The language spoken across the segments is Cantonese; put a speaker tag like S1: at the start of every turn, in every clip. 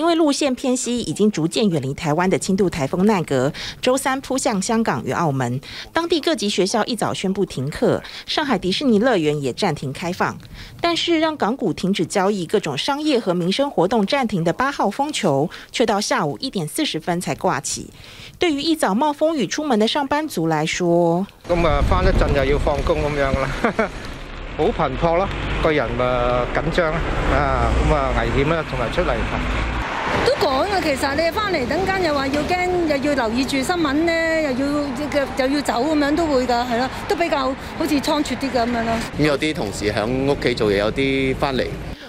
S1: 因為路線偏西，已經逐漸遠離台灣的輕度台風奈格，周三撲向香港與澳門。當地各級學校一早宣布停課，上海迪士尼樂園也暫停開放。但是讓港股停止交易、各種商業和民生活動暫停的八號風球，卻到下午一點四十分才掛起。對於一早冒風雨出門的上班族來說，
S2: 咁啊返一陣又要放工咁樣啦，
S3: 好頻撲啦，個人咪緊張啊，咁啊危險啦，同埋出嚟。
S4: 都講㗎，其實你翻嚟等間又話要驚，又要留意住新聞咧，
S5: 又要又又要走咁樣都會噶。係咯，都比較好似倉促啲咁樣咯。咁
S1: 有啲同事喺屋企做嘢，有啲翻嚟。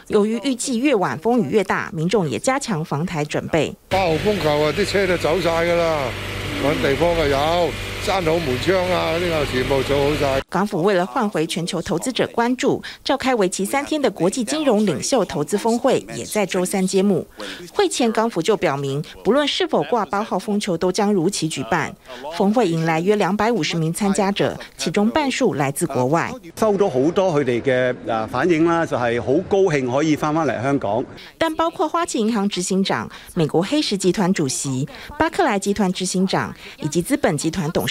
S1: 由於預計越晚風雨越大，民眾也加強防台準備。八號風球啊，啲車都走晒㗎啦，揾地方又有。閂好門窗啊！呢、這個全部做好晒。港府為了換回全球投資者關注，召開為期三天的國際金融領袖投資峰會，也在周三揭幕。會前港府就表明，無論是否掛八號風球，都將如期舉辦。峰會迎來約兩百五十名參加者，其中半數來自國外。收到好多佢哋嘅啊反應啦，就係好高興可以返返嚟香港。但包括花旗銀行執行長、美國黑石集團主席、巴克萊集團執行長以及資本集團董事。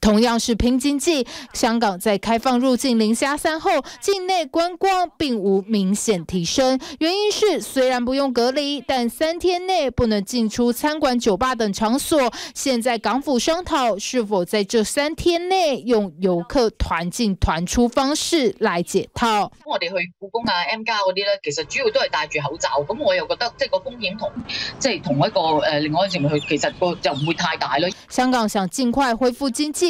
S4: 同樣是
S2: 拼經濟，香港在開放入境零加三後，境內觀光並無明顯提升。原因是雖然不用隔離，但三天內不能進出餐館、酒吧等場所。現在港府商討是否在這三天內用遊客團進團出方式來解套。
S3: 我哋去故宮啊、M+ 嗰啲咧，其實主要都係戴住口罩。咁我又覺得，即係個風險同即係同一個誒、呃，另外一程去，其實個就唔會太大咯。
S2: 香港想盡快恢復經濟。